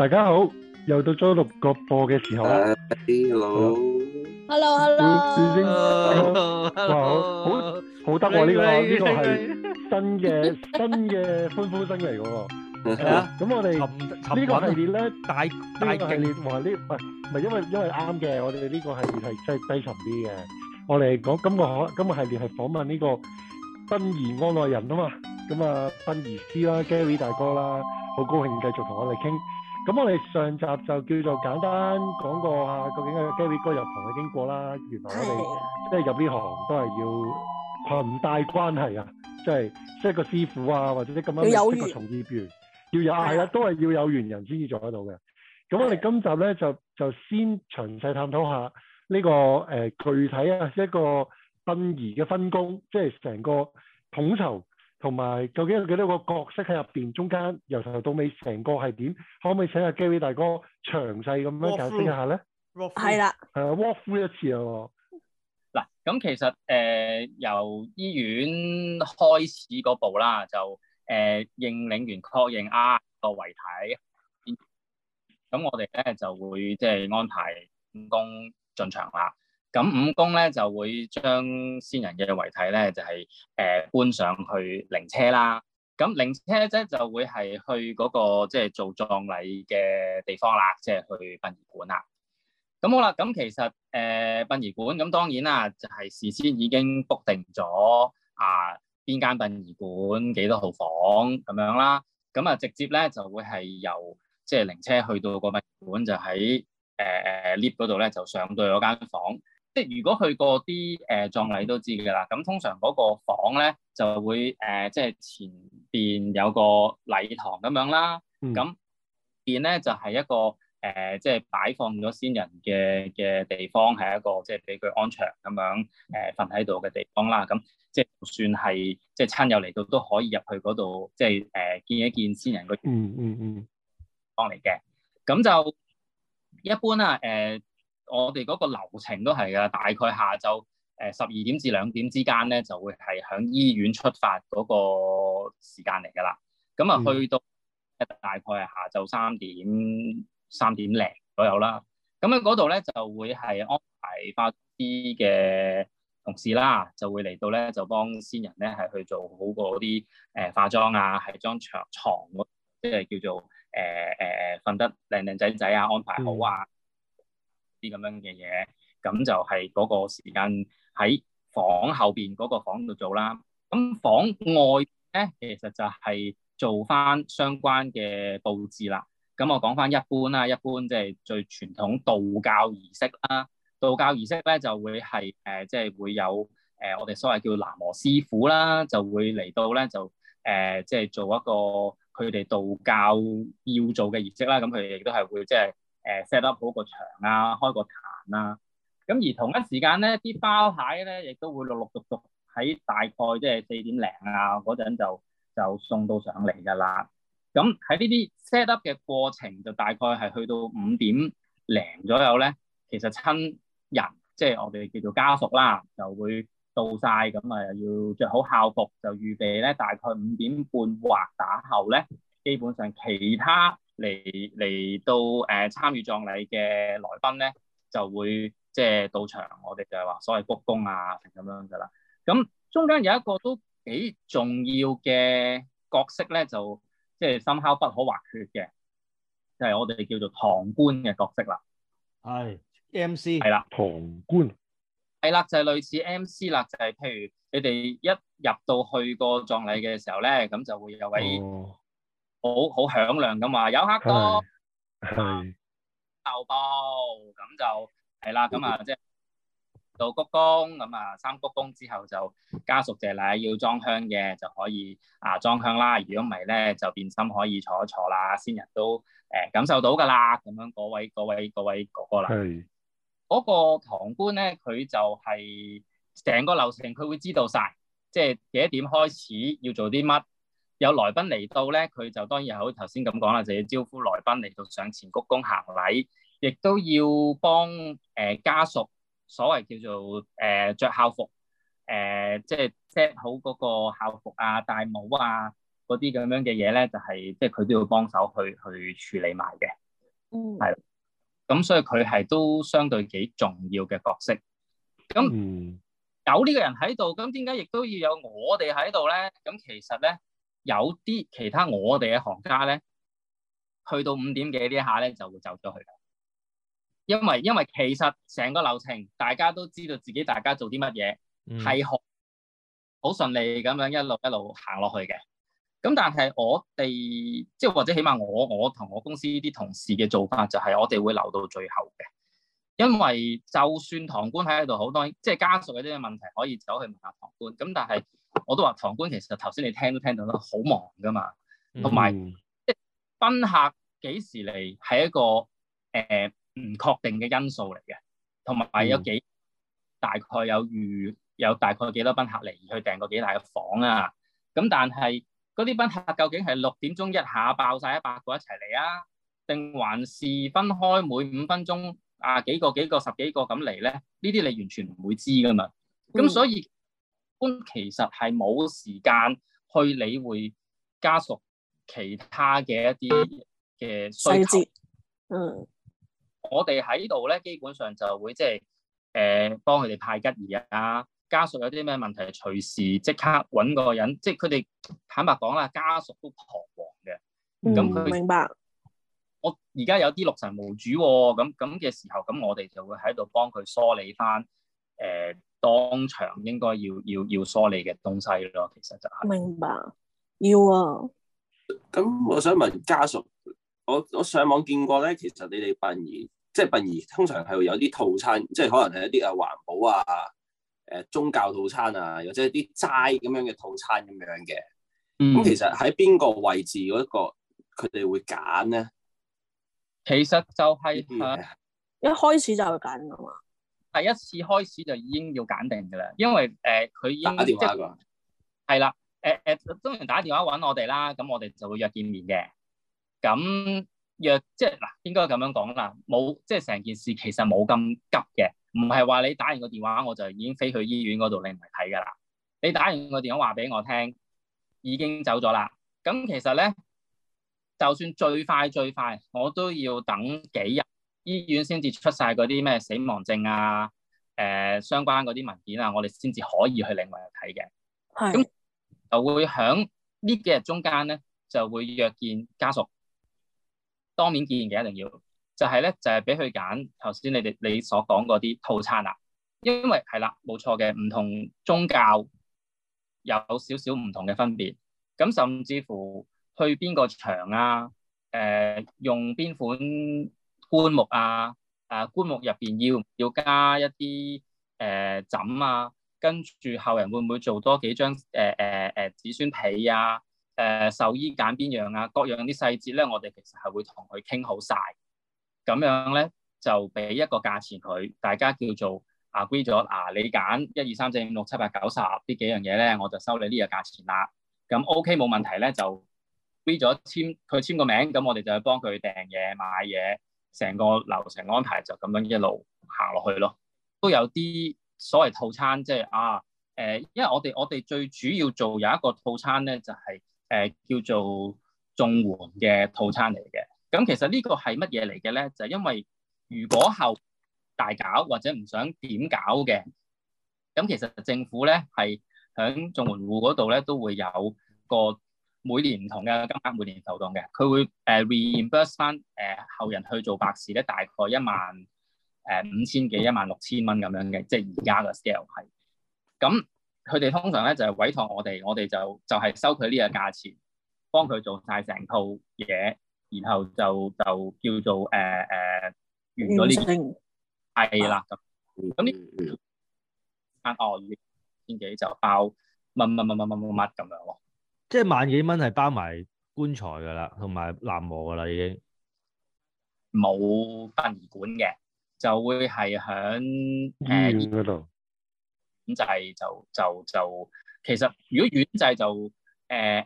大家好，又到咗六個播嘅時候啦。Hello，hello，hello，hello，好，好得喎呢個，呢個係新嘅新嘅歡呼聲嚟嘅喎。係啊，咁我哋呢個系列咧，大大系列同埋呢，唔係唔係，因為因為啱嘅，我哋呢個系列係即係低沉啲嘅。我哋講今個可，今個系列係訪問呢個殯儀案內人啊嘛。咁啊，殯儀師啦，Gary 大哥啦，好高興繼續同我哋傾。咁我哋上集就叫做簡單講過下究竟 Gary 哥入行嘅經過啦。原來我哋即係入呢行都係要裙帶關係啊，即係即係個師傅啊，或者啲咁樣識個從業員要有係啦、啊，都係要有緣人先至做得到嘅。咁 我哋今集咧就就先詳細探討下呢、這個誒、呃、具體啊、就是、一個殯儀嘅分工，即係成個統籌。同埋究竟有幾多個角色喺入邊？中間由頭到尾成個係點？可唔可以請阿 g a 大哥詳細咁樣解釋一下咧？係啦 Walk through, 的，係啊 w a 一次啊～嗱，咁其實誒、呃、由醫院開始嗰步啦，就誒、呃、應領員確認啊個遺體，咁我哋咧就會即係安排員工進場啦。咁五公咧就會將先人嘅遺體咧就係、是、誒、呃、搬上去靈車啦。咁、嗯、靈車咧、就是、就會係去嗰、那個即係、就是、做葬禮嘅地方啦，即、就、係、是、去殯儀館啦。咁、嗯、好啦，咁、嗯、其實誒、呃、殯儀館咁當然啦，就係、是、事先已經 book 定咗啊邊間殯儀館幾多號房咁樣啦。咁、嗯、啊直接咧就會係由即係靈車去到個殯儀館，就喺誒誒 lift 嗰度咧就上到嗰間房。即係如果去過啲誒、呃、葬禮都知㗎啦，咁通常嗰個房咧就會誒，即、呃、係、就是、前邊有個禮堂咁樣啦，咁、嗯、邊咧就係、是、一個誒，即、呃、係、就是、擺放咗先人嘅嘅地方，係一個即係俾佢安詳咁樣誒，瞓喺度嘅地方啦。咁即係就算係即係親友嚟到都可以入去嗰度，即係誒見一見先人嘅地方嚟嘅。咁、嗯嗯嗯、就一般啦，誒、呃。呃我哋嗰個流程都係噶，大概下晝誒十二點至兩點之間咧，就會係響醫院出發嗰個時間嚟噶啦。咁啊，去到大概係下晝三點三點零左右啦。咁喺嗰度咧，就會係安排翻啲嘅同事啦，就會嚟到咧，就幫先人咧係去做好嗰啲誒化妝啊，係裝床嗰即係叫做誒誒瞓得靚靚仔仔仔啊，安排好啊。嗯啲咁樣嘅嘢，咁就係嗰個時間喺房後邊嗰個房度做啦。咁房外咧，其實就係做返相關嘅佈置啦。咁我講返一般啦，一般即係最傳統道教儀式啦。道教儀式咧就會係誒，即、呃、係、就是、會有誒、呃、我哋所謂叫喃嘸師傅啦，就會嚟到咧就誒，即、呃、係、就是、做一個佢哋道教要做嘅儀式啦。咁佢哋亦都係會即係，就是誒 set up 好個場啊，開個壇啊。咁而同一時間咧，啲包蟹咧亦都會陸陸續續喺大概即係四點零啊嗰陣就就送到上嚟㗎啦。咁喺呢啲 set up 嘅過程就大概係去到五點零左右咧，其實親人即係我哋叫做家屬啦，就會到晒。咁啊又要着好校服，就預備咧大概五點半或打後咧，基本上其他。嚟嚟到誒參與葬禮嘅來賓咧，就會即係到場，我哋就係話所謂鞠躬啊咁樣噶啦。咁中間有一個都幾重要嘅角色咧，就即係深敲不可或缺嘅，就係我哋叫做堂倌嘅角色啦。係 M.C. 係啦，堂倌係啦，就係類似 M.C. 啦，就係譬如你哋一入到去個葬禮嘅時候咧，咁就會有位。好好響亮咁話有黑哥，啊，豆包咁就係啦，咁啊即係做鞠躬，咁啊三鞠躬之後就家屬謝禮要裝香嘅，就可以啊裝香啦。如果唔係咧，就變心可以坐一坐啦。先人都誒感受到噶啦，咁樣各位各位各位哥哥啦。係嗰個堂官咧，佢就係成個流程，佢會知道晒，即係幾點開始要做啲乜。有來賓嚟到咧，佢就當然又好似頭先咁講啦，就係、要招呼來賓嚟到上前鞠躬行禮，亦都要幫誒家屬所謂叫做誒著、呃、校服，誒即 set 好嗰個校服啊、戴帽啊嗰啲咁樣嘅嘢咧，就係即係佢都要幫手去去處理埋嘅，嗯，係咁，所以佢係都相對幾重要嘅角色。咁有呢個人喺度，咁點解亦都要有我哋喺度咧？咁其實咧。有啲其他我哋嘅行家咧，去到五點幾呢下咧就會走咗去，因為因為其實成個流程大家都知道自己大家做啲乜嘢，係好、嗯、順利咁樣一路一路行落去嘅。咁但係我哋即係或者起碼我我同我公司啲同事嘅做法就係我哋會留到最後嘅，因為就算堂官喺度好多，即係、就是、家屬有啲咩問題可以走去問下堂官，咁但係。我都話堂官其實頭先你聽都聽到啦，好忙噶嘛，同埋即賓客幾時嚟係一個誒唔確定嘅因素嚟嘅，同埋有，有幾、嗯、大概有預有大概幾多賓客嚟而去訂個幾大嘅房啊，咁但係嗰啲賓客究竟係六點鐘一下爆晒一百個一齊嚟啊，定還是分開每五分鐘啊幾個幾個十幾個咁嚟咧？呢啲你完全唔會知噶嘛，咁所以。嗯般其實係冇時間去理會家屬其他嘅一啲嘅需求。細節，嗯。我哋喺度咧，基本上就會即係誒幫佢哋派吉儀啊。家屬有啲咩問題，隨時即刻揾個人。即係佢哋坦白講啦，家屬都彷徨嘅。咁佢、嗯、明白。我而家有啲六神無主喎，哦，咁咁嘅時候，咁我哋就會喺度幫佢梳理翻誒。呃當場應該要要要梳理嘅東西咯，其實就係、是、明白，要啊。咁我想問家屬，我我上網見過咧，其實你哋殯儀即係殯儀，通常係會有啲套餐，即係可能係一啲啊環保啊，誒、呃、宗教套餐啊，或者一啲齋咁樣嘅套餐咁樣嘅。咁、嗯、其實喺邊個位置嗰一個，佢哋會揀咧？其實就係一、嗯、一開始就會揀噶嘛。第一次開始就已經要揀定噶啦，因為誒佢已經打電話噶係啦，誒誒通常打電話搵我哋啦，咁我哋就會約見面嘅。咁約即係嗱，應該咁樣講啦，冇即係成件事其實冇咁急嘅，唔係話你打完個電話我就已經飛去醫院嗰度你唔係睇噶啦。你打完個電話話俾我聽，已經走咗啦。咁其實咧，就算最快最快，我都要等幾日。醫院先至出晒嗰啲咩死亡證啊，誒，相關嗰啲文件啊，我哋先至可以去另外去睇嘅。係，咁就會喺呢幾日中間咧，就會約見家屬當面見嘅，一定要。就係咧，就係俾佢揀頭先你哋你所講嗰啲套餐啦，因為係啦，冇錯嘅，唔同宗教有少少唔同嘅分別。咁甚至乎去邊個場啊，誒，用邊款棺木啊，誒，棺木入邊要要加一啲誒、呃、枕啊，跟住後人會唔會做多幾張誒誒誒子孫被啊，誒壽衣揀邊樣啊，各樣啲細節咧，我哋其實係會同佢傾好晒。咁樣咧就俾一個價錢佢，大家叫做 agree 咗啊，你揀一二三四五六七八九十呢幾樣嘢咧，我就收你呢個價錢啦。咁 OK 冇問題咧就 agree 咗，簽佢簽個名，咁我哋就去幫佢訂嘢買嘢。成個流程安排就咁樣一路行落去咯，都有啲所謂套餐，即係啊誒，因為我哋我哋最主要做有一個套餐咧，就係誒叫做綜援嘅套餐嚟嘅。咁其實呢個係乜嘢嚟嘅咧？就係因為如果後大搞或者唔想點搞嘅，咁其實政府咧係響綜援戶嗰度咧都會有個。每年唔同嘅，金額每年投檔嘅，佢會誒 reimburse 翻誒後人去做白事咧，大概一萬誒五千幾、一萬六千蚊咁樣嘅，即係而家嘅 scale 係。咁佢哋通常咧就係委託我哋，我哋就就係、是、收佢呢個價錢，幫佢做晒成套嘢，然後就就叫做誒誒、呃呃、完咗呢、這個係啦。咁呢翻哦千幾就包乜乜乜乜乜乜乜咁樣咯。即係萬幾蚊係包埋棺材㗎啦，同埋壇模㗎啦已經，冇殯儀館嘅就會係響誒醫院度。咁就係就就就其實如果院祭就誒誒、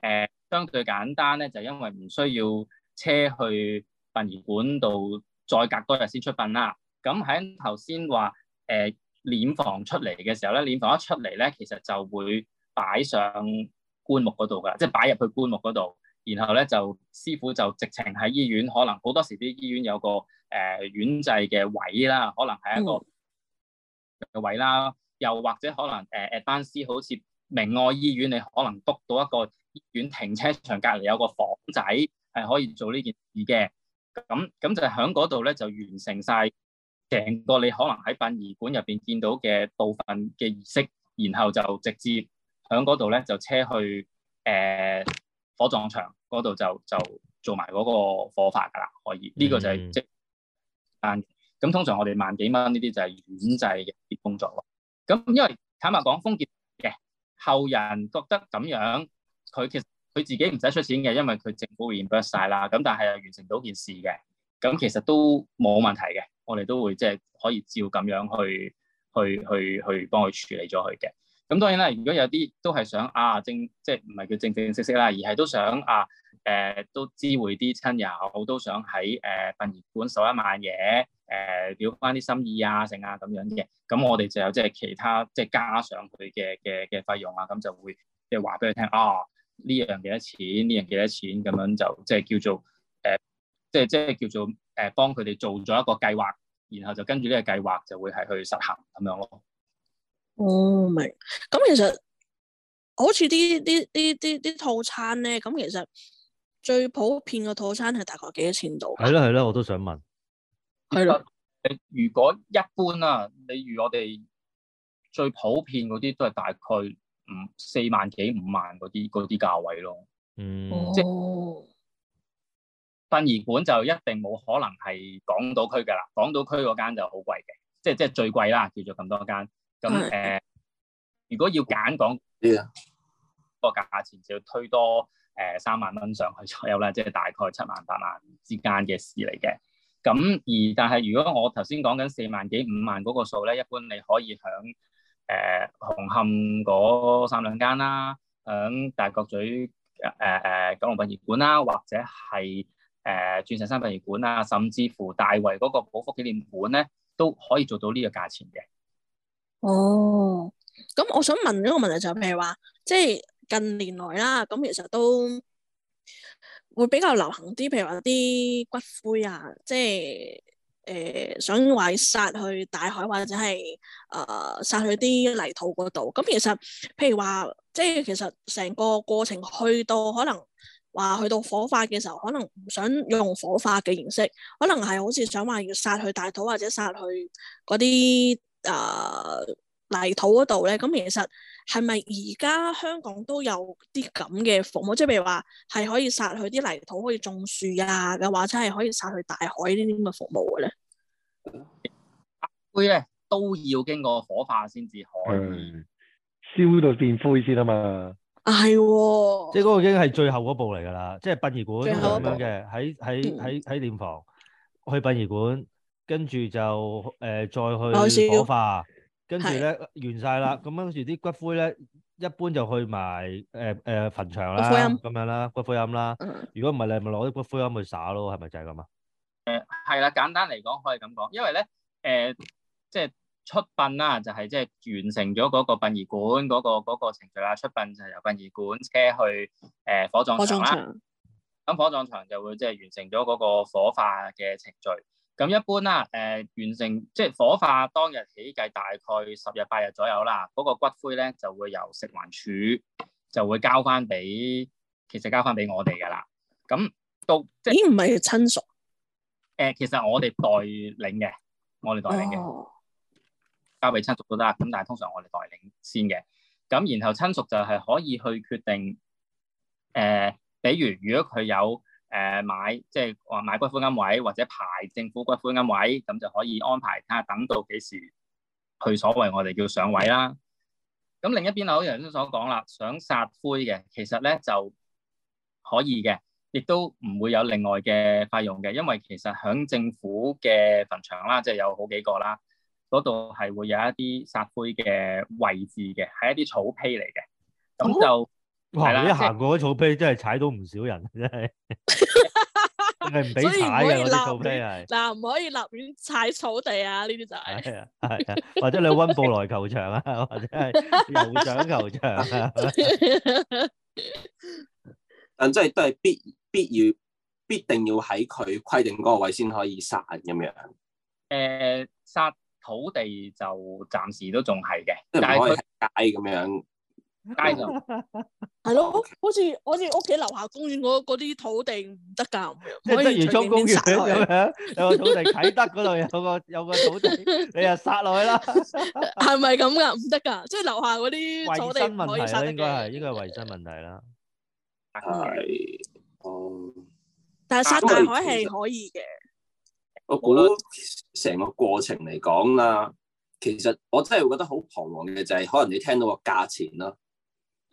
呃、相對簡單咧，就因為唔需要車去殯儀館度再隔多日先出殯啦。咁喺頭先話誒殮房出嚟嘅時候咧，殮房一出嚟咧，其實就會擺上。棺木嗰度噶，即係擺入去棺木嗰度，然後咧就師傅就直情喺醫院，可能好多時啲醫院有個誒、呃、院制嘅位啦，可能係一個、嗯、位啦，又或者可能誒 Advance 好似明愛醫院，你可能 book 到一個醫院停車場隔籬有個房仔係可以做呢件事嘅，咁咁就喺嗰度咧就完成晒成個你可能喺殯儀館入邊見到嘅部分嘅儀式，然後就直接。喺嗰度咧就車去誒、呃、火葬場嗰度就就做埋嗰個火化噶啦，可以呢、呢個就係即單咁通常我哋萬幾蚊呢啲就係院制嘅啲工作咯。咁因為坦白講，封建嘅後人覺得咁樣佢其實佢自己唔使出錢嘅，因為佢政府 reimburse 曬啦。咁但係又完成到件事嘅，咁其實都冇問題嘅。我哋都會即係、就係、可以照咁樣去去去去，去幫佢處理咗佢嘅。咁當然啦，如果有啲都係想啊正，即係唔係叫正正式式啦，而係都想啊誒、呃，都知會啲親友，都想喺誒殯儀館守一晚嘢，誒、呃、表翻啲心意啊，剩啊咁樣嘅。咁我哋就有即係其他，即係加上佢嘅嘅嘅費用啊，咁就會即係話俾佢聽啊呢樣幾多錢，呢樣幾多錢，咁樣就即係叫做誒、呃，即係即係叫做誒、呃呃，幫佢哋做咗一個計劃，然後就跟住呢個計劃就會係去實行咁樣咯。我明，咁、oh, 其實好似啲啲啲啲啲套餐咧，咁其實最普遍嘅套餐係大概幾多錢度？係啦係啦，我都想問。係啦的，如果一般啊，例如我哋最普遍嗰啲都係大概五四萬幾五萬嗰啲嗰啲價位咯。嗯，即係殯儀館就一定冇可能係港島區嘅啦，港島區嗰間就好貴嘅，即係即係最貴啦，叫做咁多間。咁誒、呃，如果要揀講，啲啊，個價錢就要推多誒、呃、三萬蚊上去左右啦，即係大概七萬八萬之間嘅事嚟嘅。咁而但係，如果我頭先講緊四萬幾五萬嗰個數咧，一般你可以響誒、呃、紅磡嗰三兩間啦，響大角咀誒誒、呃、九龍博物館殯儀館啦，或者係誒、呃、鑽石山殯儀館啦，甚至乎大圍嗰個寶福紀念館咧，都可以做到呢個價錢嘅。哦，咁、oh. 我想問呢個問題就係、是，譬如話，即係近年來啦，咁其實都會比較流行啲，譬如話啲骨灰啊，即係誒、呃、想話撒去大海或者係誒撒去啲泥土嗰度。咁其實譬如話，即係其實成個過程去到可能話去到火化嘅時候，可能唔想用火化嘅形式，可能係好似想話要撒去大土或者撒去嗰啲。誒、呃、泥土嗰度咧，咁其實係咪而家香港都有啲咁嘅服務？即係譬如話，係可以殺去啲泥土，可以種樹啊，又或者係可以殺去大海呢啲咁嘅服務嘅咧？灰咧都要經過火化先至可以、嗯、燒到變灰先啊嘛！係喎、哦，即係嗰個已經係最後嗰步嚟㗎啦，即係殯儀館咁樣嘅，喺喺喺喺殮房、嗯、去殯儀館。跟住就誒、呃，再去火化，跟住咧完晒啦。咁的跟住啲骨灰咧，一般就去埋誒誒墳場啦，咁、嗯、樣啦，骨灰庵啦。嗯、如果唔係，你咪攞啲骨灰庵去撒咯，係咪就係咁啊？誒、呃，係啦，簡單嚟講可以咁講，因為咧誒、呃，即係出殯啦，就係即係完成咗嗰個殯儀館嗰、嗰個嗰個程序啦。出殯就係由殯儀館車去誒、呃、火葬場啦。咁火，火葬場就會即係完成咗嗰個火化嘅程序。咁一般啦，誒、呃、完成即係火化當日起計大概十日八日左右啦，嗰、那個骨灰咧就會由食環署就會交翻俾，其實交翻俾我哋噶啦。咁到即唔係親屬？誒、呃，其實我哋代領嘅，我哋代領嘅，哦、交俾親屬都得啦。咁但係通常我哋代領先嘅。咁然後親屬就係可以去決定，誒、呃，比如如果佢有。誒，買即係話買骨灰龕位或者排政府骨灰龕位，咁就可以安排睇下等到幾時去所謂我哋叫上位啦。咁另一邊我好似頭先所講啦，想撒灰嘅其實咧就可以嘅，亦都唔會有另外嘅費用嘅，因為其實喺政府嘅墳場啦，即係有好幾個啦，嗰度係會有一啲撒灰嘅位置嘅，係一啲草坯嚟嘅，咁就。哦。哇！行過嗰草皮 真係踩到唔少人，真係。所以嗰啲草皮唔畀踩嘅，嗱，唔可以立亂踩草地啊！呢啲就係。係啊，啊，或者你温布萊球場啊，或者係酋長球場啊。但即係都係必必要必定要喺佢規定嗰個位先可以殺咁樣。誒、呃、殺土地就暫時都仲係嘅，唔可以係街咁樣。街道係咯，好似好似屋企樓下公園嗰嗰啲土地唔得噶，可以園中公園殺佢。有咩？有塊土地啟德嗰度有個有個土地，你啊殺落去啦。係咪咁噶？唔得噶，即係樓下嗰啲土地唔可以殺。應該係，應該係衛生問題啦。係哦，但係殺大海係可以嘅。我覺得成個過程嚟講啦，其實我真係覺得好彷徨嘅就係可能你聽到個價錢啦。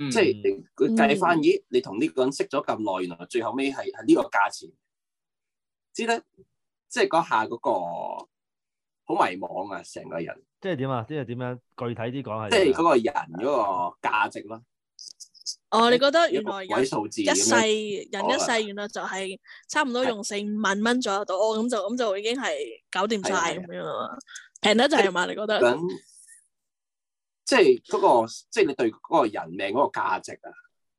嗯、即係佢計翻咦？你同呢個人識咗咁耐，原來最後尾係係呢個價錢，知咧，即係嗰下嗰、嗰個好迷茫啊！成個人，即係點啊？即係點樣具體啲講係？即係嗰個人嗰個價值咯。哦，你覺得原來有，一世人一世，一世原來就係差唔多用四五萬蚊左右到，我咁的、哦、就咁就已經係搞掂晒。咁的樣咯，平得就滯嘛？你覺得？即係嗰即係你對嗰個人命嗰個價值啊，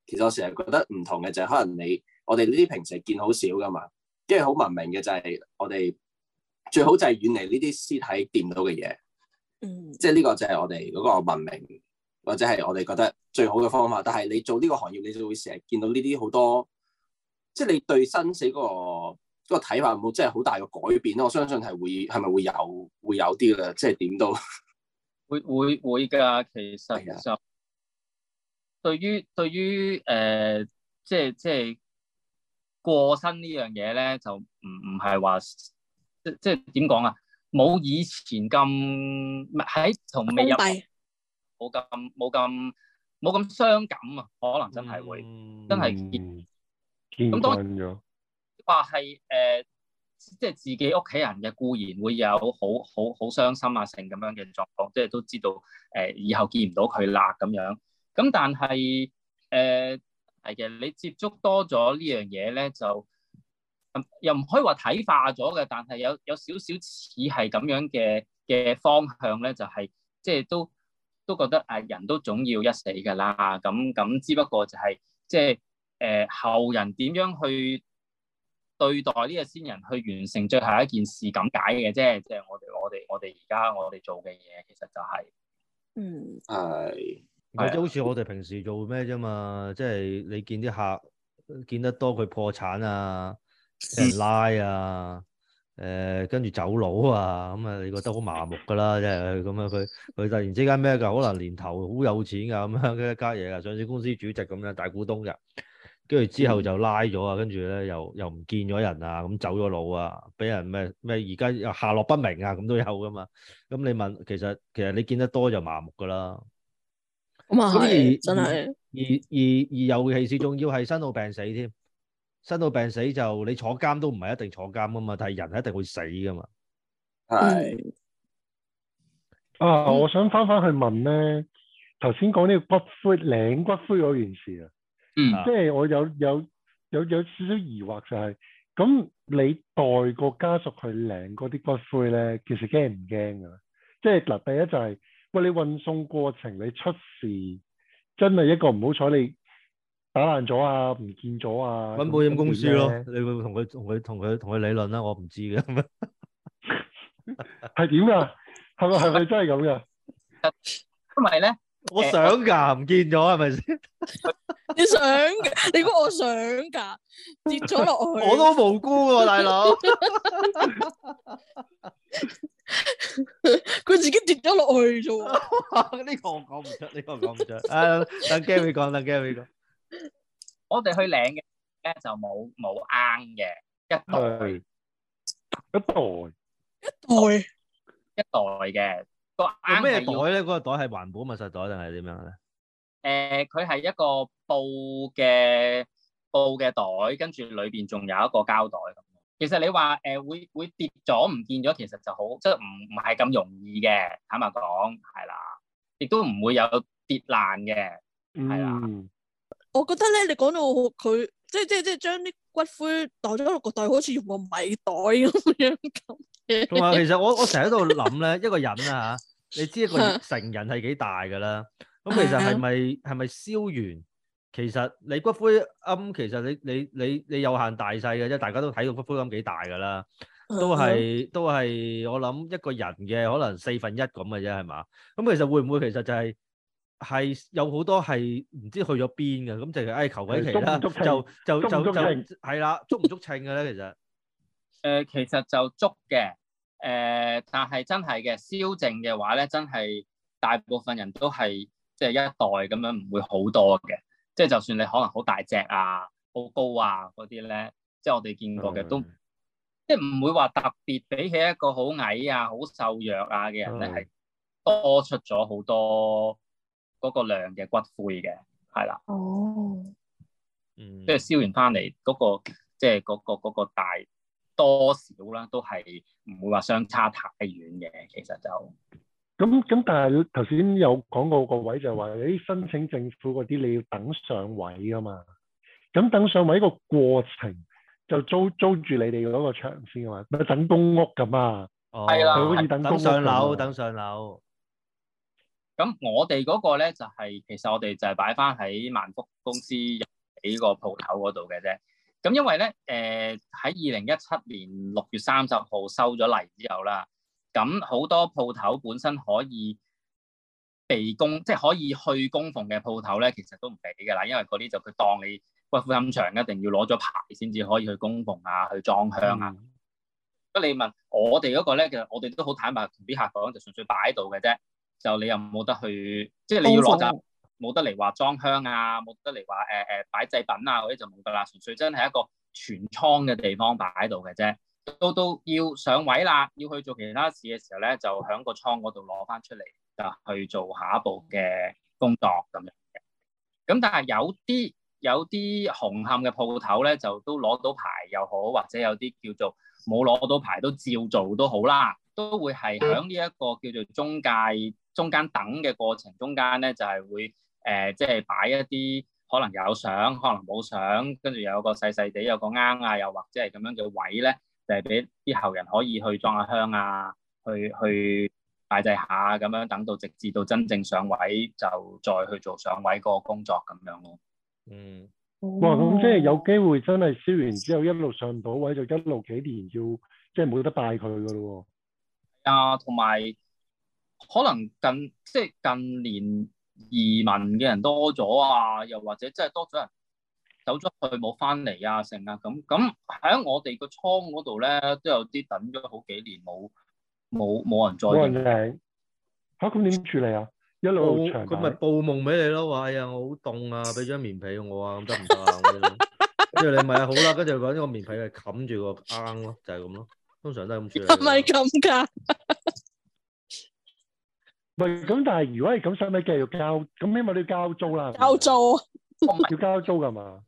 其實我成日覺得唔同嘅就係、是、可能你，我哋呢啲平時見好少噶嘛，跟住好文明嘅就係我哋最好就係遠離呢啲屍體掂到嘅嘢，即係呢個就係我哋嗰個文明或者係我哋覺得最好嘅方法。但係你做呢個行業，你就會成日見到呢啲好多，即、就、係、是、你對生死嗰、那個睇、那個、法冇即係好大個改變咯。我相信係會係咪會有會有啲噶啦，即係點都。會會會㗎，其實就對於對於誒，即係即係過身呢樣嘢咧，就唔唔係話即即係點講啊？冇以前咁係從未入，冇咁冇咁冇咁傷感啊！可能真係會真係見見咁多話係誒。即係自己屋企人嘅固然會有好好好傷心啊，成咁樣嘅狀況，即係都知道誒、呃，以後見唔到佢啦咁樣。咁但係誒係嘅，你接觸多咗呢樣嘢咧，就又唔可以話睇化咗嘅，但係有有少少似係咁樣嘅嘅方向咧，就係、是、即係都都覺得誒人都總要一死㗎啦。咁咁，只不過就係、是、即係誒、呃、後人點樣去。對待呢個先人去完成最後一件事咁解嘅啫，即係我哋我哋我哋而家我哋做嘅嘢其實就係嗯誒，即係好似我哋平時做咩啫嘛，即係你見啲客見得多佢破產啊，拉啊，誒跟住走佬啊，咁啊你覺得好麻木㗎啦，即係咁樣佢佢突然之間咩㗎？可能年頭好有錢㗎，咁樣一家嘢啊，上市公司主席咁樣大股東㗎。跟住之後就拉咗啊！跟住咧又又唔見咗人啊，咁走咗佬啊，俾人咩咩而家又下落不明啊，咁都有噶嘛？咁你問其實其實你見得多就麻木噶啦，咁啊以而真係而而而尤其是仲要係生老病死添，生老病死就你坐監都唔係一定坐監噶嘛，但係人係一定會死噶嘛，係啊是！嗯 uh，我想翻翻去問咧，頭先講呢個骨灰領骨灰嗰件事啊。嗯，即係我有有有有少少疑惑就係，咁你代個家屬去領嗰啲骨灰咧，其實驚唔驚噶？即係嗱，第一就係，喂，你運送過程你出事，真係一個唔好彩，你打爛咗啊，唔見咗啊，揾保險公司咯，等等你會唔會同佢同佢同佢同佢理論啦？我唔知嘅，係點啊？係咪係咪真係咁噶？唔係咧，我想噶，呃，唔見咗係咪先？是 你想噶？你估我想噶？跌咗落去？我都無辜喎，大佬。佢自己跌咗落去啫。呢個我講唔出，呢個我講唔出。啊，等 Gary 講，等 Gary 講。我哋去領嘅咧就冇冇啱嘅一袋，一袋，一袋，一袋嘅個咩袋咧？嗰個袋係環保密實袋定係點樣咧？誒，佢係、呃、一個布嘅，布嘅袋，跟住裏邊仲有一個膠袋。其實你話誒、呃、會會跌咗唔見咗，其實就好即係唔唔係咁容易嘅，坦白講係啦，亦都唔會有跌爛嘅，係啦。嗯、我覺得咧，你講到佢即係即係即係將啲骨灰袋咗落個袋，好似用個米袋咁樣咁嘅。同埋其實我我成日喺度諗咧， 一個人啊，吓，你知一個成人係幾大噶啦。咁其實係咪係咪燒完？其實你骨灰庵，其實你你你你有限大細嘅，即係大家都睇到骨灰庵幾大噶啦，都係都係我諗一個人嘅可能四分一咁嘅啫，係嘛？咁其實會唔會其實就係係有好多係唔知去咗邊嘅？咁就係唉求鬼其啦，就就就就係啦，足唔足秤嘅咧？其實誒，其實就足嘅，誒，但係真係嘅燒淨嘅話咧，真係大部分人都係。即係一袋咁樣唔會好多嘅，即係就算你可能好大隻啊、好高啊嗰啲咧，即係我哋見過嘅都，嗯、即係唔會話特別比起一個好矮啊、好瘦弱啊嘅人咧，係、哦、多出咗好多嗰個量嘅骨灰嘅，係啦。哦，嗯，即係燒完翻嚟嗰個，即係、嗰、嗰、個嗰個嗰個大多少啦，都係唔會話相差太遠嘅，其實就。咁咁，但係頭先有講過個位就係話，誒，申請政府嗰啲你要等上位噶嘛？咁等上位個過程就租租住你哋嗰個場先啊嘛，咪等公屋咁啊？哦，係啦，等上樓，等上樓。咁我哋嗰個咧就係，其實我哋就係擺翻喺萬福公司入邊個鋪頭嗰度嘅啫。咁因為咧，誒，喺二零一七年六月三十號收咗嚟之後啦。咁好多鋪頭本身可以被供，即係可以去供奉嘅鋪頭咧，其實都唔俾嘅啦，因為嗰啲就佢當你骨灰龕場，一定要攞咗牌先至可以去供奉啊，去裝香啊。咁你問我哋嗰個咧，其實我哋都好坦白，同啲客講，就純粹擺喺度嘅啫。就你又冇得去，即係你要攞就冇得嚟話裝香啊，冇得嚟話誒誒擺祭品啊嗰啲就冇得啦。純粹真係一個存倉嘅地方擺喺度嘅啫。到到要上位啦，要去做其他事嘅時候咧，就喺個倉嗰度攞翻出嚟，就去做下一步嘅工作咁樣。咁但係有啲有啲紅磡嘅鋪頭咧，就都攞到牌又好，或者有啲叫做冇攞到牌都照做都好啦，都會係喺呢一個叫做中介中間等嘅過程中間咧，就係會誒即係擺一啲可能有相，可能冇相，跟住有個細細哋有個啱啊，又或者係咁樣嘅位咧。誒俾啲後人可以去裝下香啊，去去拜祭下咁、啊、樣，等到直至到真正上位就再去做上位個工作咁樣咯。嗯，哇，咁即係有機會真係燒完之後一路上到位就一路幾年要即係冇得拜佢噶咯喎。啊，同埋、啊、可能近即係近年移民嘅人多咗啊，又或者即係多咗人。走咗去冇翻嚟啊，剩啊咁咁喺我哋個倉嗰度咧，都有啲等咗好幾年冇冇冇人再嚟。吓，咁點處理啊？一路佢咪報夢俾你咯，話哎呀我好凍啊，俾張棉被我啊，咁得唔得啊？跟住你咪，啊好啦，跟住搵個棉被嚟冚住個坑咯，就係咁咯。通常都係咁處理。唔係咁噶。唔係咁，但係如果係咁，使唔使繼續交？咁起碼都要交租啦。交租要交租噶嘛？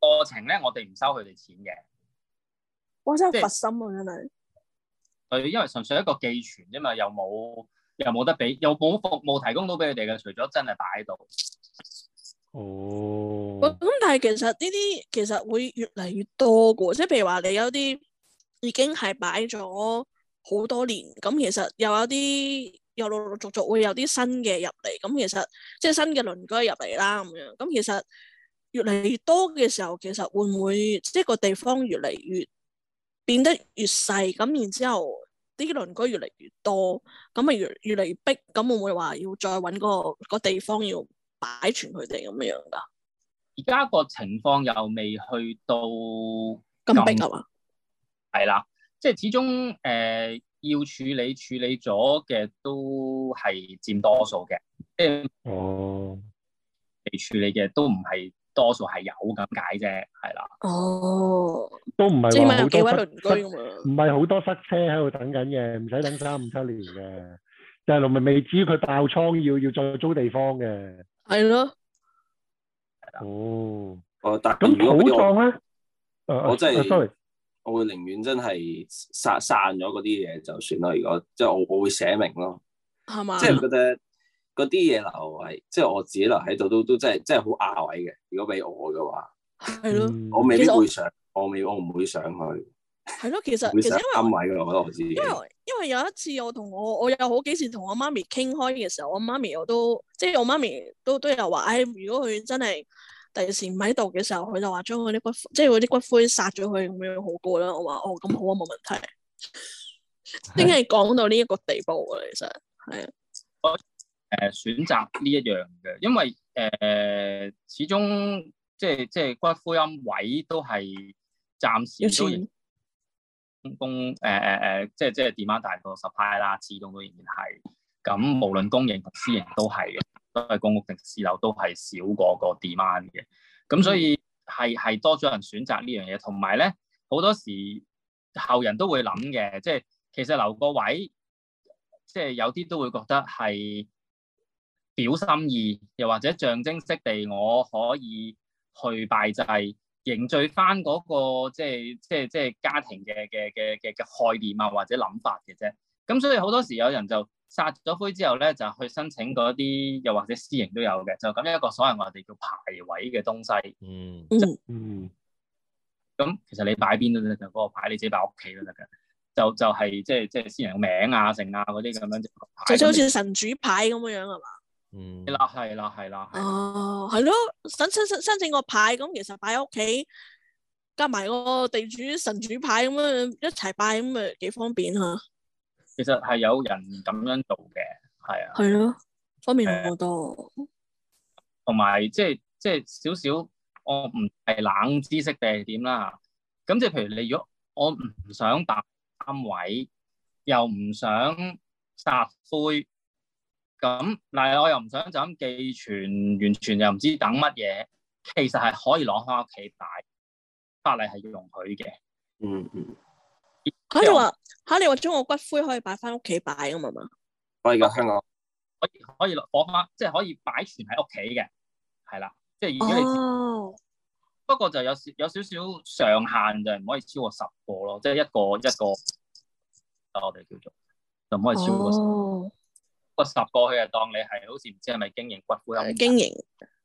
過程咧，我哋唔收佢哋錢嘅。哇！真係佛心喎、啊，真係是。佢因為純粹一個寄存啫嘛，又冇又冇得俾，又冇服務提供到俾佢哋嘅。除咗真係擺喺度。哦。咁但係其實呢啲其實會越嚟越多嘅喎，即係譬如話你有啲已經係擺咗好多年，咁其實又有啲又陸陸續續會有啲新嘅入嚟，咁其實即係新嘅鄰居入嚟啦咁樣，咁其實。越嚟越多嘅時候，其實會唔會即係個地方越嚟越變得越細？咁然後之後啲鄰居越嚟越多，咁啊越越嚟越逼，咁會唔會話要再搵嗰個個地方要擺存佢哋咁樣噶？而家個情況又未去到咁逼噶嘛、啊？係啦，即係始終誒、呃、要處理處理咗嘅都係佔多數嘅，即係未處理嘅都唔係。多數係有咁解啫，係啦。哦，都唔係話，即係唔係有唔係好多塞車喺度等緊嘅，唔使、哦、等三五七年嘅。但係，我咪未知佢爆倉要要再租地方嘅。係咯的。哦，哦，咁如果我我真係、sorry，我會寧願真係散散咗嗰啲嘢，就算啦。如果即係我我會寫明咯。係嘛吧？即係你覺得？嗰啲嘢留係，即係我自己留喺度都都真係真係好亞位嘅。如果俾我嘅話，係咯的，我未必會上我，我未我唔會上去。係咯，其實會其實因位嘅，我覺得因為因為有一次我同我我有好幾次同我媽咪傾開嘅時候，我媽咪我都即係我媽咪都都有話，誒、哎、如果佢真係第時唔喺度嘅時候，佢就話將佢啲骨即係啲骨灰撒咗佢咁樣好過啦。我話哦，咁好啊，冇問題。應該講到呢一個地步啊，其實係啊。誒選擇呢一樣嘅，因為誒、呃、始終即係即係骨灰龕位都係暫時都供誒誒即係即係 demand 大過 supply 啦，始終都仍然係。咁無論公營同私營都係嘅，都係公屋定私樓都係少過個 demand 嘅。咁所以係係多咗人選擇樣呢樣嘢，同埋咧好多時後人都會諗嘅，即係其實留個位，即係有啲都會覺得係。表心意，又或者象徵式地，我可以去拜祭，凝聚翻嗰個即係即係即係家庭嘅嘅嘅嘅嘅概念啊，或者諗法嘅啫。咁所以好多時有人就撒咗灰之後咧，就去申請嗰啲，又或者私營都有嘅，就咁一個所謂我哋叫牌位嘅東西。嗯嗯。咁其實你擺邊都得，就嗰個牌你自己擺屋企都得嘅。就就係即係即係私人嘅名啊、姓啊嗰啲咁樣就牌。就好似神主牌咁樣樣係嘛？嗯，係啦，係啦，係啦，哦，係咯，申申申申請個牌，咁其實擺喺屋企，加埋個地主神主牌咁樣一齊拜，咁咪幾方便吓。其實係有人咁樣做嘅，係啊，係咯，方便好多。同埋即係即係少少，就是就是、小小我唔係冷知識定係點啦吓。咁即係譬如你如果我唔想搭三位，又唔想殺灰。咁嗱，但我又唔想就咁寄存，完全又唔知等乜嘢。其實係可以攞翻屋企擺，法例係容許嘅、嗯。嗯嗯。嚇你話嚇你話將我骨灰可以擺翻屋企擺咁啊嘛？可以噶，香港，可以可以攞翻，即係可以擺存喺屋企嘅，係啦、哦。即係如果你不過就有少有少少上限，就唔可以超過十個咯，即係一個一個啊，我哋叫做就唔可以超過十個。哦個十過去就當你係好似唔知係咪經營骨灰啊？經營，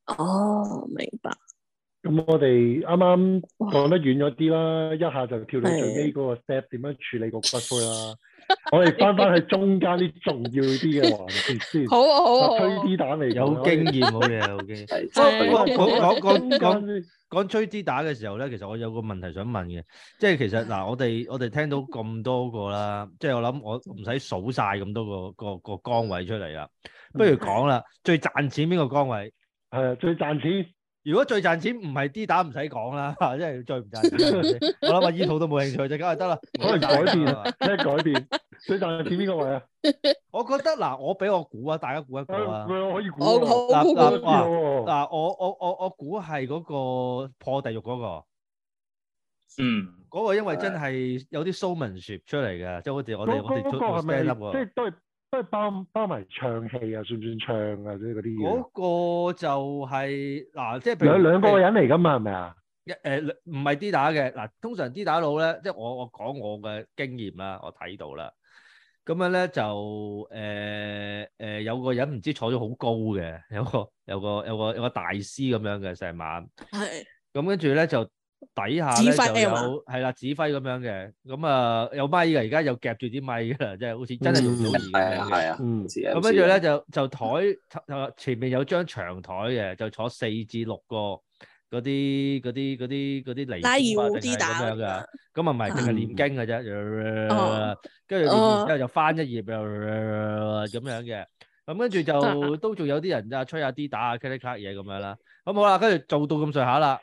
哦明白。咁、嗯、我哋啱啱講得遠咗啲啦，哇一下就跳到最尾嗰的個 step 點樣處理個骨灰啦、啊。 我哋翻翻去中間啲重要啲嘅環節先。 好啊好好，好啊，吹支打嚟，有經驗，好嘢，好嘅 okay. 啊，我講講講講吹支打嘅時候咧，其實我有個問題想問嘅，即係其實嗱，我哋我哋聽到咁多個啦，即係我諗我唔使數晒咁多個個個崗位出嚟啦。不如講啦， 最賺錢邊個崗位？係啊，最賺錢。如果最賺錢唔係 D 打唔使講啦，即係最唔賺錢。我諗阿依土都冇興趣，就梗係得啦。可能改變，即係改變。最賺錢邊個位啊？我覺得嗱，我俾我估啊，大家估一估啊。可以估嗱，我我我我估係嗰個破地獄嗰個。嗯。嗰個因為真係有啲 showmanship 出嚟嘅，即係好似我哋我哋出 s 即係都係。即係包包埋唱戲啊，算唔算唱啊？即係嗰啲嘢。嗰個就係、是、嗱、啊，即係兩兩個個人嚟噶嘛，係咪啊？一、呃、誒，唔係 D 打嘅嗱、啊，通常 D 打佬咧，即、就、係、是、我我講我嘅經驗啦、啊，我睇到啦，咁樣咧就誒誒、呃呃，有個人唔知坐咗好高嘅，有個有個有個有個大師咁樣嘅成晚。係的。咁跟住咧就。底下咧就有係啦，指揮咁樣嘅，咁啊有咪嘅，而家又夾住啲咪嘅，即係好似真係做表演嘅。係啊，咁跟住咧就就台前面有張長台嘅，就坐四至六個嗰啲嗰啲嗰啲嗰啲嚟打咁樣嘅。咁啊唔係淨係念經嘅啫，跟住然之後就翻一頁咁樣嘅。咁跟住就都仲有啲人就吹下啲打下 k i t 卡嘢咁樣啦。咁好啦，跟住做到咁上下啦，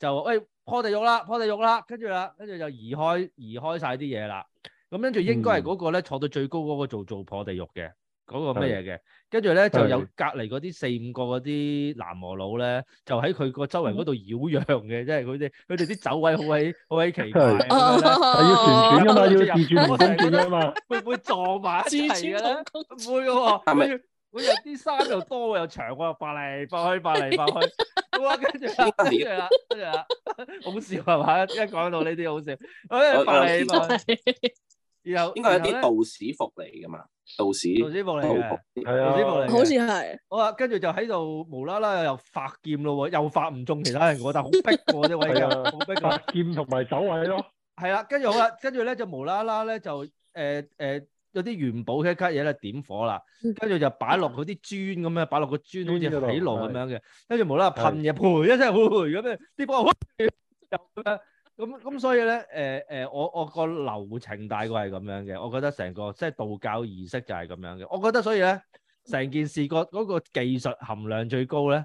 就喂。破地獄啦，破地獄啦，跟住啦，跟住就移開移開晒啲嘢啦。咁跟住應該係嗰個咧、嗯、坐到最高嗰個做做破地獄嘅嗰、嗰個乜嘢嘅。的跟住咧的就有隔離嗰啲四五個嗰啲喃嘸佬咧，就喺佢個周圍嗰度繞陽嘅，即係佢哋佢哋啲走位好鬼好鬼奇怪，係的要旋轉噶嘛， 要自轉動嘛， 會唔會撞埋一齊嘅咧？唔和公會嘅喎。我有啲衫又多又長又發嚟發去，發嚟發去。好啊，跟住啦、啊，跟住啦、啊，跟住啦，好笑係嘛？一講到呢啲好笑，好笑啊、發嚟發開，又應該係啲道士服嚟噶嘛？道士，道士服嚟係啊，道士服嚟，啊、服好似係。好啦，跟住就喺度無啦啦又發劍咯，又發唔中其他人我覺得好逼過呢位，好、啊、逼過。發劍同埋走位咯。係 啊，跟住好啦，跟住咧就無啦啦咧就誒誒。呃呃有啲元寶嘅卡嘢咧點火啦，跟住就擺落佢啲磚咁樣，擺落個磚好似起爐咁樣嘅，跟住無啦啦噴嘢盤一聲，咁樣跌波好，又咁樣，咁所以咧，誒誒，我我個流程大概係咁樣嘅，我覺得成個即係道教儀式就係咁樣嘅，我覺得所以咧，成件事個個技術含量最高咧，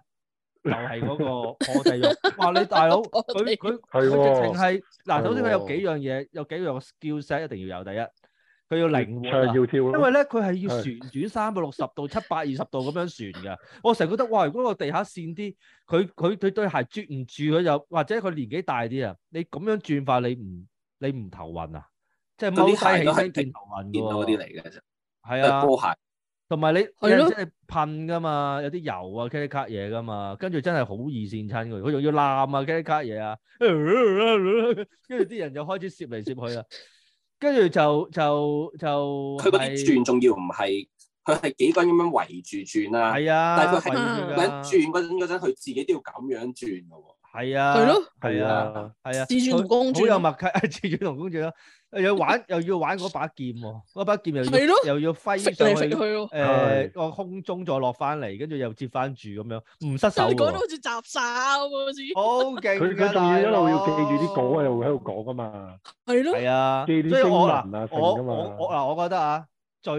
就係嗰個破地獄。哇！你大佬，佢佢直情係嗱，首先佢有幾樣嘢，有幾樣嘅 skill set 一定要有，第一。佢要靈活啦，要跳，因為咧佢係要旋轉三百六十度，七百二十度咁樣旋噶。我成日覺得哇，如果個地下跣啲，佢佢對對鞋啜唔住佢又，或者佢年紀大啲啊。你咁樣轉法，你唔你唔頭暈啊？即係踎低起身變頭暈噶見到嗰啲嚟嘅，其實係啊，高鞋。同埋你啲、啊、人真係噴噶嘛，有啲油啊、k 卡嘢噶嘛，跟住真係好易跣親佢。佢仲要冧啊、k 卡嘢啊，跟住啲人又開始攝嚟攝去啊。跟住就就就，佢嗰啲轉仲要唔係，佢係幾個人咁樣圍住轉啊！係啊，但係佢喺轉嗰陣佢自己都要咁樣轉嘅喎。係啊，係咯，係啊，係啊。自轉公轉好有默契，自轉同公轉咯。又要玩又要玩嗰把劍喎，嗰把劍又要又要揮上去，誒，個空中再落翻嚟，跟住又接翻住咁樣，唔失手喎。即係講到好似雜耍咁好似好勁，佢佢仲要一路要記住啲稿，又會喺度講噶嘛。係咯，係啊，記啲正文啊，我我嗱，我覺得啊，最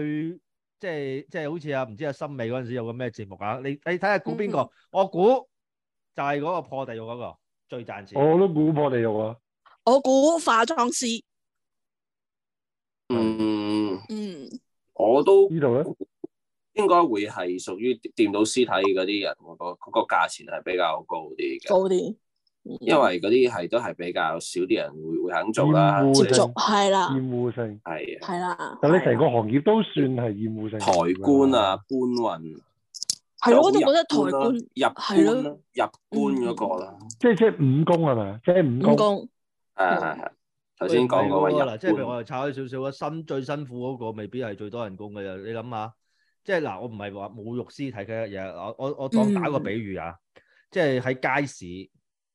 即係即係好似啊，唔知阿森美嗰陣時有個咩節目啊？你你睇下估邊個？我估就係嗰個破地獄嗰個最賺錢。我都估破地獄啊。我估化妝師。嗯嗯，我都呢度咧，應該會係屬於掂到屍體嗰啲人，我覺嗰個價錢係比較高啲嘅。高啲，因為嗰啲係都係比較少啲人會會肯做啦。接觸係啦，厭惡性係啊，係啦。咁你成個行業都算係厭惡性。抬棺啊，搬運，係我都覺得抬棺入係咯，入棺嗰個啦，即係即係仵工係咪？即係仵工啊！頭先講嗰個啦，即係譬如我又般炒開少少啊，辛最辛苦嗰個未必係最多人工嘅，你諗下，即係嗱，我唔係話侮辱屍體嘅，嘢我我我當打個比喻啊，嗯、即係喺街市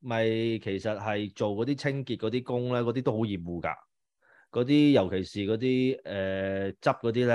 咪、就是、其實係做嗰啲清潔嗰啲工咧，嗰啲都好厭惡㗎，嗰啲尤其是嗰啲誒執嗰啲咧，誒、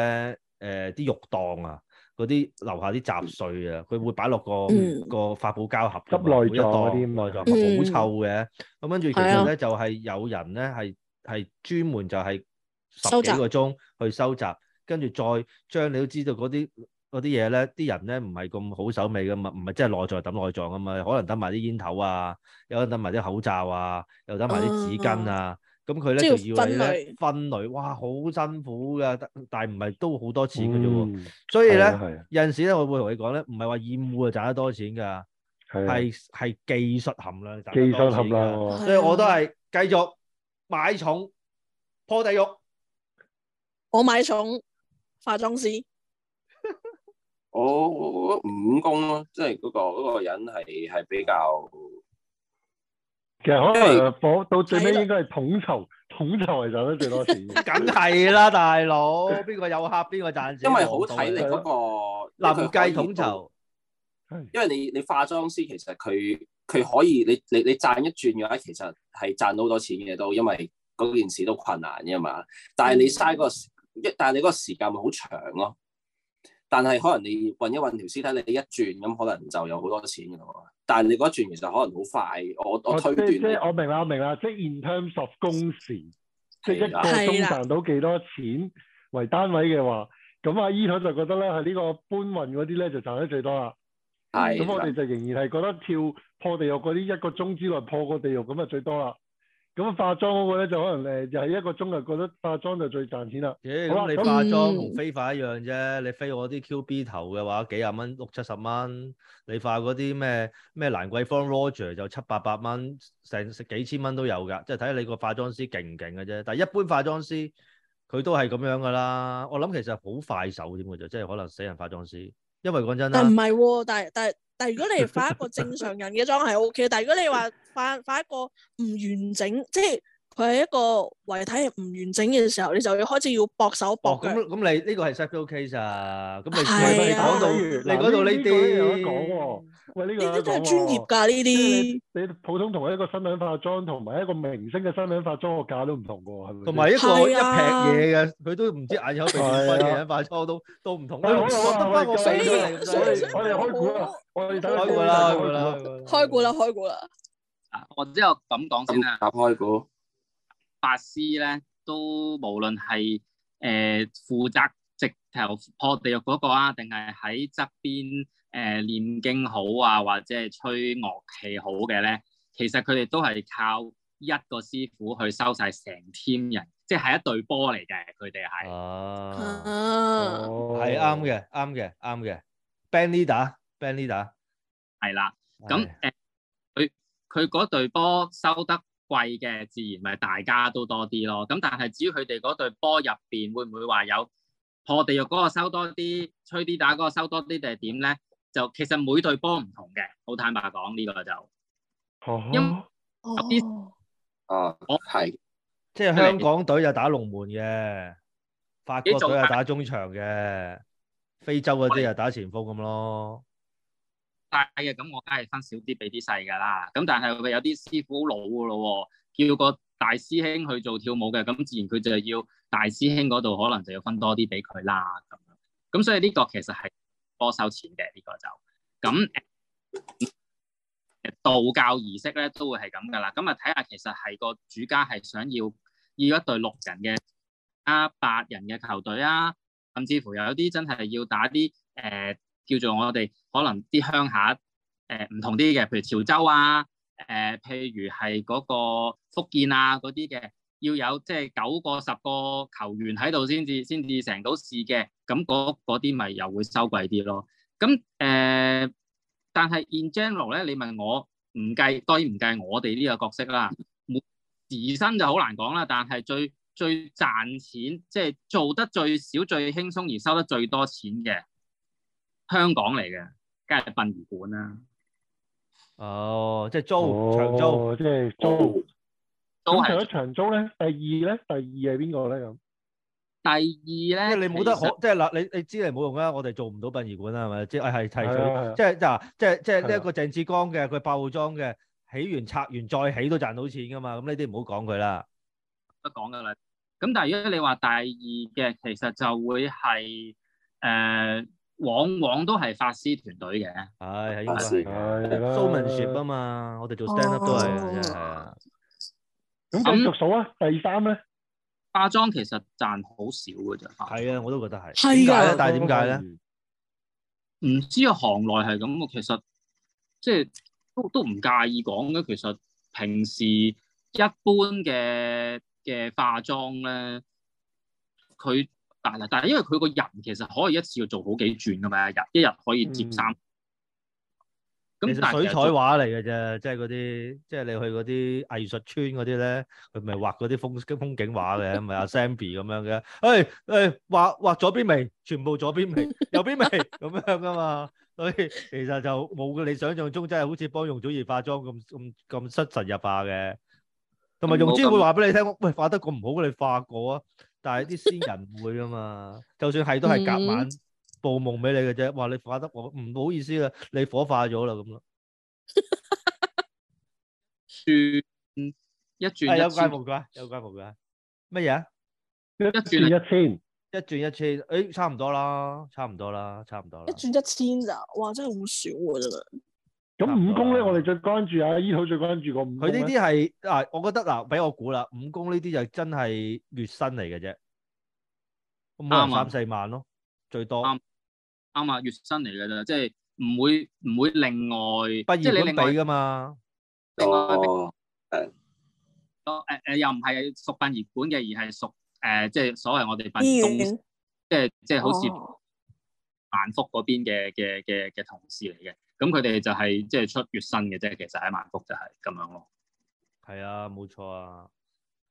呃、啲、呃、肉檔啊。嗰啲樓下啲雜碎啊，佢會擺落個個發泡膠盒㗎嘛，內袋啲內臟好臭嘅。咁跟住其實咧就係有人咧係係專門就係十幾個鐘去收集，收集跟住再將你都知道嗰啲啲嘢咧，啲人咧唔係咁好手尾㗎嘛，唔係真係內臟抌內臟啊嘛，可能抌埋啲煙頭啊，有得抌埋啲口罩啊，又抌埋啲紙巾啊。咁佢咧就要你咧分類，哇，好辛苦噶，但係唔係都好多錢嘅啫喎。嗯、所以咧的有陣時咧，我會同你講咧，唔係話厭惡啊賺得多錢㗎，係係的技，技術含量。技術含量，的所以我都係繼續買重破地獄，我買重化妝師， 我五功咯，即係嗰個嗰、嗰個人係係比較。其實可能火、啊、到最尾應該係統籌統籌係賺得最多錢。梗係啦，大佬，邊個有客邊個賺錢。因為好睇你嗰、嗰個立佢雞統籌，因為你你化妝師其實佢佢可以你你你賺一轉嘅話，其實係賺好多錢嘅都，因為嗰件事都困難嘅嘛。但係你嘥嗰個一，但係你嗰個時間咪好長咯、啊。但係可能你運一運條屍體，你一轉咁可能就有好多錢㗎喇。但係你嗰一轉其實可能好快，我我推斷。即係我明啦，我明啦，即係 in terms of 工時是，即係一個鐘賺到幾多錢為單位嘅話，咁阿的伊坦就覺得咧，喺、這、呢個搬運嗰啲咧就賺得最多啦。係的。咁我哋就仍然係覺得跳破地獄嗰啲，一個鐘之內破個地獄咁啊最多啦。咁化妝嗰個咧就可能你就係一個鐘就覺得化妝就最賺錢啦。咦？咁你化妝同飛髮一樣啫。你飛我啲 Q B 頭嘅話幾廿蚊，六七十蚊。你化嗰啲咩咩蘭桂坊 Roger 就七八百蚊，成幾千蚊都有㗎。即係睇下你個化妝師勁唔勁嘅啫。但係一般化妝師佢都係咁樣㗎啦。我諗其實好快手㗎啫，即係可能死人化妝師。因為講真啦，但唔係喎，但但。但係如果你係化一個正常人嘅妝係 OK，但係如果你話化化一個唔完整，即係。佢係一個遺體唔完整嘅時候，你就要開始要駁手駁腳。哦，咁咁，你呢個係 set OK 咋？咁你你講到你嗰度呢？呢個都有得講喎。喂，呢個有得講喎。呢啲真係專業㗎，呢啲。即係你普通同一個新娘化妝，同埋一個明星嘅新娘化妝個價都唔同㗎喎。係咪？同埋一個一劈嘢嘅，佢都唔知眼影定眼粉嘅化妝都都唔同。所以我覺得翻我死咗嚟，所以我哋開估，我哋開估啦，開估啦。開估啦，開估啦。啊！我之後咁講先啦，開估。法師咧都無論係誒負責直頭破地獄嗰個啊，定係喺側邊誒念經好啊，或者係吹樂器好嘅咧，其實佢哋都係靠一個師傅去收晒成千人，即係一隊波嚟嘅，佢哋係哦，係啱嘅，啱嘅，啱嘅，band leader，band leader 係啦，咁誒佢佢嗰隊波收得。貴嘅自然咪大家都多啲咯，咁但係至於佢哋嗰隊波入邊會唔會話有破地獄嗰個收多啲，吹啲打嗰個收多啲定係點咧？就其實每隊波唔同嘅，好坦白講呢、這個就，呵呵因，啊呵，我係看，即係香港隊就打龍門嘅，的法國隊又打中場嘅，的非洲嗰啲又打前鋒咁咯。嘅，咁我梗係分少啲俾啲細噶啦，咁但係有啲師傅好老噶咯，叫個大師兄去做跳舞嘅，咁自然佢就要大師兄嗰度可能就要分多啲俾佢啦，咁咁所以呢個其實係多收錢嘅呢、這個就咁道教儀式咧都會係咁噶啦，咁啊睇下其實係個主家係想要要一隊六人嘅啊八人嘅球隊啊，甚至乎又有啲真係要打啲誒、呃、叫做我哋。可能啲鄉下誒唔、呃、同啲嘅，譬如潮州啊，誒、呃、譬如係嗰個福建啊嗰啲嘅，要有即係九個十個球員喺度先至先至成到事嘅，咁嗰啲咪又會收貴啲咯。咁誒、呃，但係 in general 咧，你問我唔計，當然唔計我哋呢個角色啦，自身就好難講啦。但係最最賺錢，即、就、係、是、做得最少、最輕鬆而收得最多錢嘅，香港嚟嘅。梗係殯儀館啦、啊，哦，即係租、哦、長租，即係租。咁除咗長租咧，第二咧，第二係邊個咧咁？第二咧實，即為你冇得可，即係嗱，你你知係冇用啦，我哋做唔到殯儀館啦，係咪？即係係提取，即係即係即係呢一個鄭志剛嘅，佢爆裝嘅，起完拆完再起都賺到錢噶嘛。咁呢啲唔好講佢啦，得講噶啦。咁但係如果你話第二嘅，其實就會係誒。呃呃往往都係法師團隊嘅，係係英式嘅 showmanship 啊嘛，我哋做 standup 都係咁咁數數啊，第三咧，化妝其實賺好少嘅啫。係啊，我都覺得係。係啊，但係點解咧？唔、嗯、知啊，行內係咁啊。其實即係都都唔介意講嘅。其實平時一般嘅嘅化妝咧，佢。係但係因為佢個人其實可以一次要做好幾轉噶嘛，一日一日可以接三。咁、嗯、但水彩畫嚟嘅啫，即係嗰啲，即、就、係、是、你去嗰啲藝術村嗰啲咧，佢咪畫嗰啲風風景畫嘅，咪阿 Sammy 咁樣嘅。誒、哎、誒，畫、哎、畫左邊眉，全部左邊眉，右邊眉咁樣噶嘛。所以其實就冇你想象中真係好似幫容祖兒化妝咁咁咁出神入化嘅。同埋容祖兒會話俾你聽，喂，化得咁唔好，你化過啊？但係啲先人會吖嘛？就算係都係隔晚報夢俾你嘅啫。話你化得我唔好意思啦，你火化咗啦咁咯。轉一轉一千，有怪物嘅，有怪物嘅。乜嘢？一轉一千，一轉一千，誒，差唔多啦，差唔多啦，差唔多。一轉一千咋？哇！真係好少嘅真係。咁五公咧，我哋最關注啊，醫土最關注個五公。佢呢啲係嗱，我覺得嗱，俾我估啦，五公呢啲就真係月薪嚟嘅啫，啱啊，三四萬咯，嗯、最多啱。啱啊、嗯嗯，月薪嚟嘅啫，即係唔會唔會另外，不義即係你另外噶嘛？多誒誒，又唔係屬殯儀館嘅，而係屬誒，即係所謂我哋辦公，嗯、即係即係好似萬福嗰邊嘅嘅嘅嘅同事嚟嘅。咁佢哋就係即係出月薪嘅啫，其實喺萬福就係咁樣咯。係啊，冇錯啊。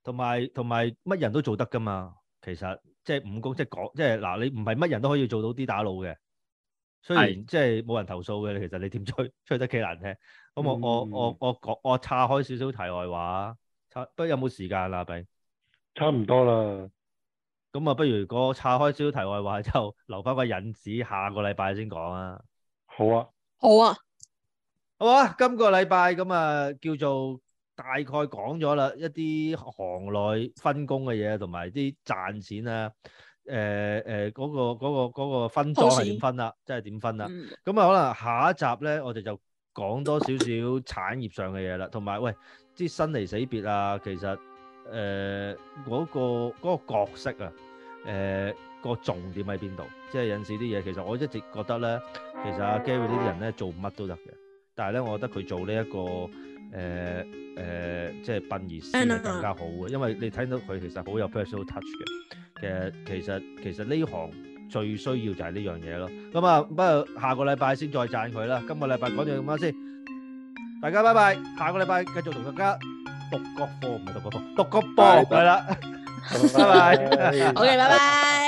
同埋同埋乜人都做得噶嘛，其實即係五功即係講即係嗱，你唔係乜人都可以做到啲打佬嘅。雖然是即係冇人投訴嘅，其實你點吹吹得幾難聽。咁我、嗯、我我我我岔開少少題外話，差不過有冇時間啦，炳？差唔多啦。咁啊，不如我岔、啊、開少少題外話，之後留翻個引子，下個禮拜先講啊。好啊。好啊，好啊，今個禮拜咁啊，叫做大概講咗啦，一啲行內分工嘅嘢，同埋啲賺錢啊，誒誒嗰個嗰個嗰個分裝係點分啊，即係點分啊，咁啊可能下一集咧，我哋就講多少少產業上嘅嘢啦，同埋喂，啲生離死別啊，其實誒嗰個嗰個角色啊，誒。個重點喺邊度？即係有陣時啲嘢，其實我一直覺得咧，其實阿 Gary 呢啲人咧做乜都得嘅，但係咧，我覺得佢做呢、這、一個誒誒，即、呃、係、呃就是、殯儀師係更加好嘅，因為你睇到佢其實好有 personal touch 嘅。嘅其實其實呢行最需要就係呢樣嘢咯。咁啊，不如下個禮拜先再讚佢啦。今個禮拜講完咁樣先，大家拜拜。下個禮拜繼續同大家讀個科唔係讀個讀個簿啦。拜拜。OK，了 拜拜。